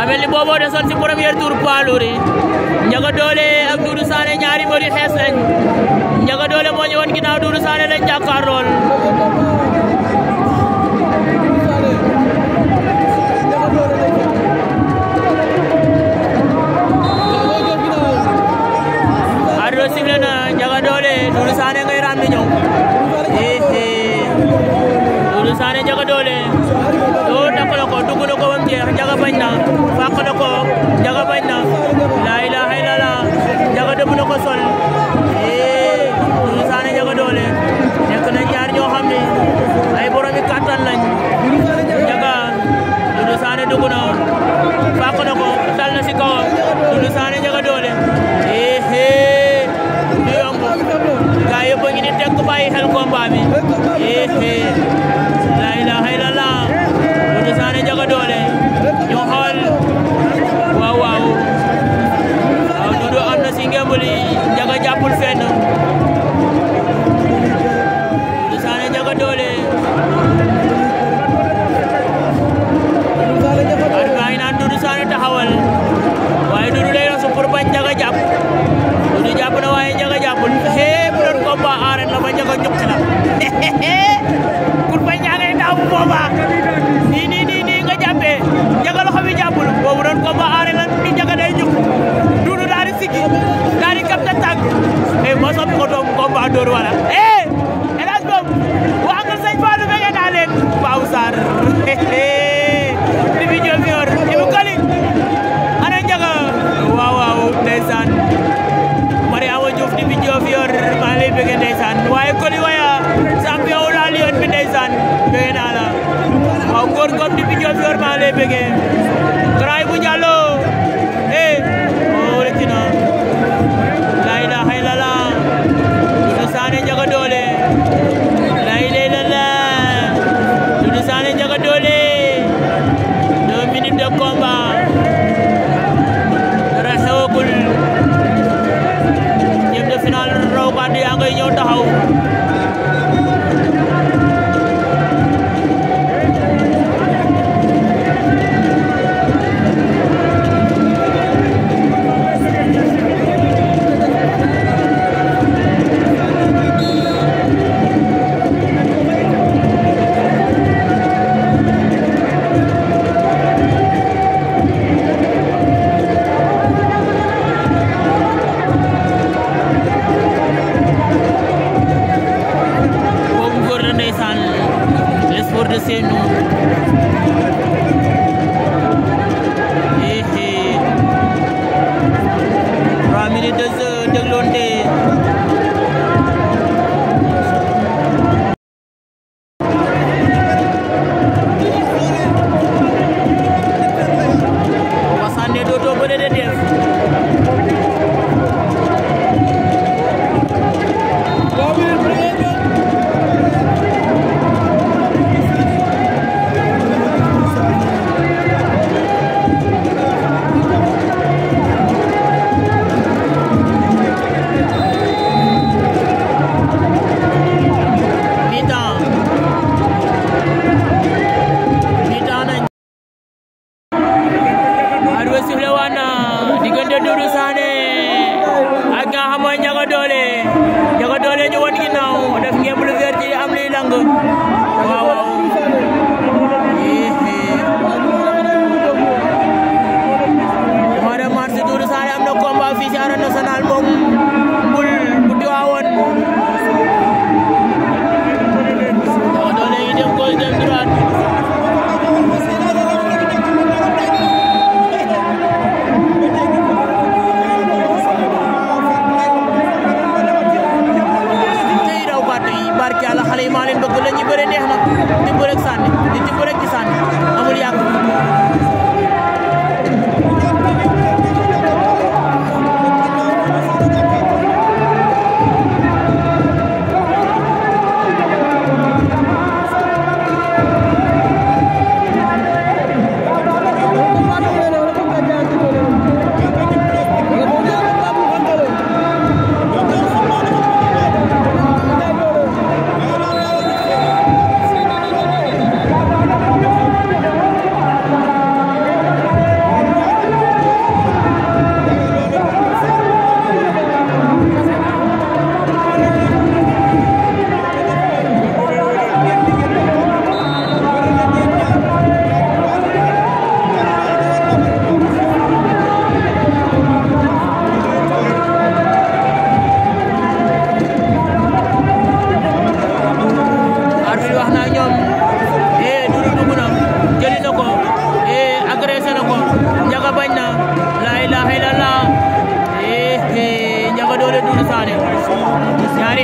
daa mel ni booboo desoon ci premier tour poids lourd yi Ndiaga Dolé ak Doudou Sané ñaari mbër yu xees lañ Ndiaga Dolé moo ñëwoon ginnaaw Doudou Sané lañ jàkkaarlool bàyyi xel combat bi eh la ilaha illallah Doudou Sané Ndiaga Dolé ñu xool waaw waaw waaw Doudou am na si ngembali Ndiaga jàppul fenn bëggee Grand Ibou Diallo eh oo rëcc na la ilaha illallah Doudou Sané Ndiaga Dolé la ilaha illallah Doudou Sané Ndiaga Dolé deux minutes de combat dara xewagul ñëpp de final raw gàddu yaa ngay ñëw taxaw Trois minutes de jeu dégloonte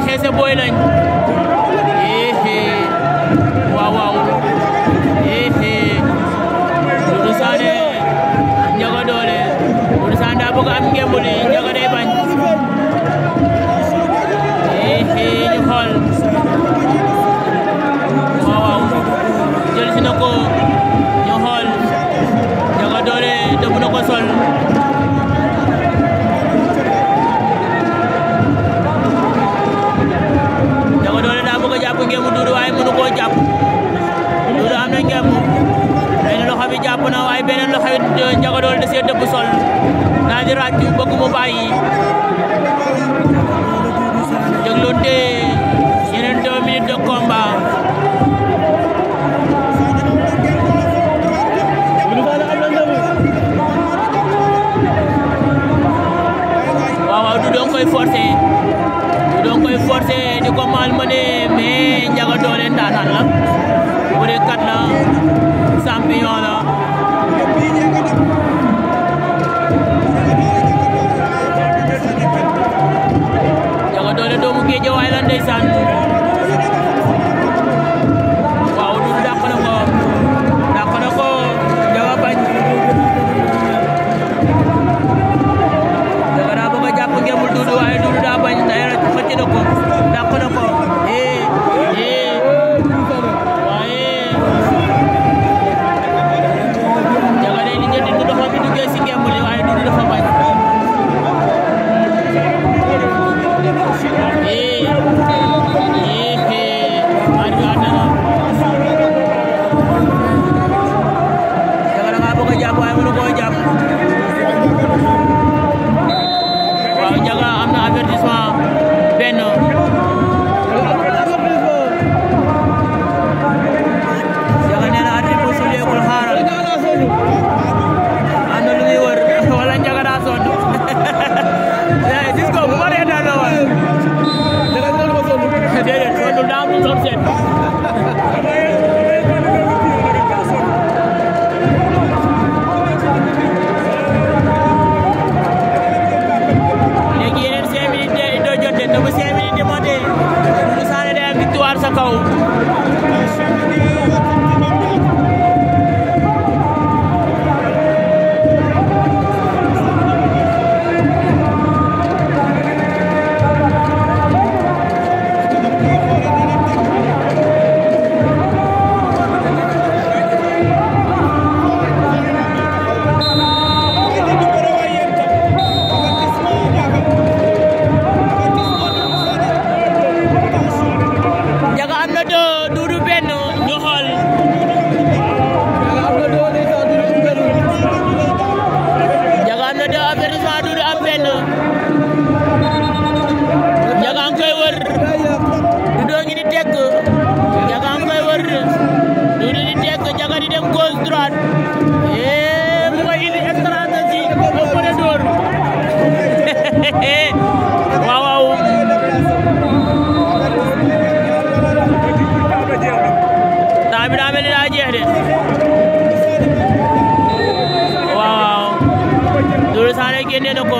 xarit xeese booy lañ a ngemb benn loxo bi jàpp na beneen loxo it euh, Ndiaga Dolé da see dëpp sol daal di ràcc bëgg mu bàyyi jëgloon te yeneen deux minutes de combat combat bi daa mel ni daa jeex de waaw Doudou Sané génne na ko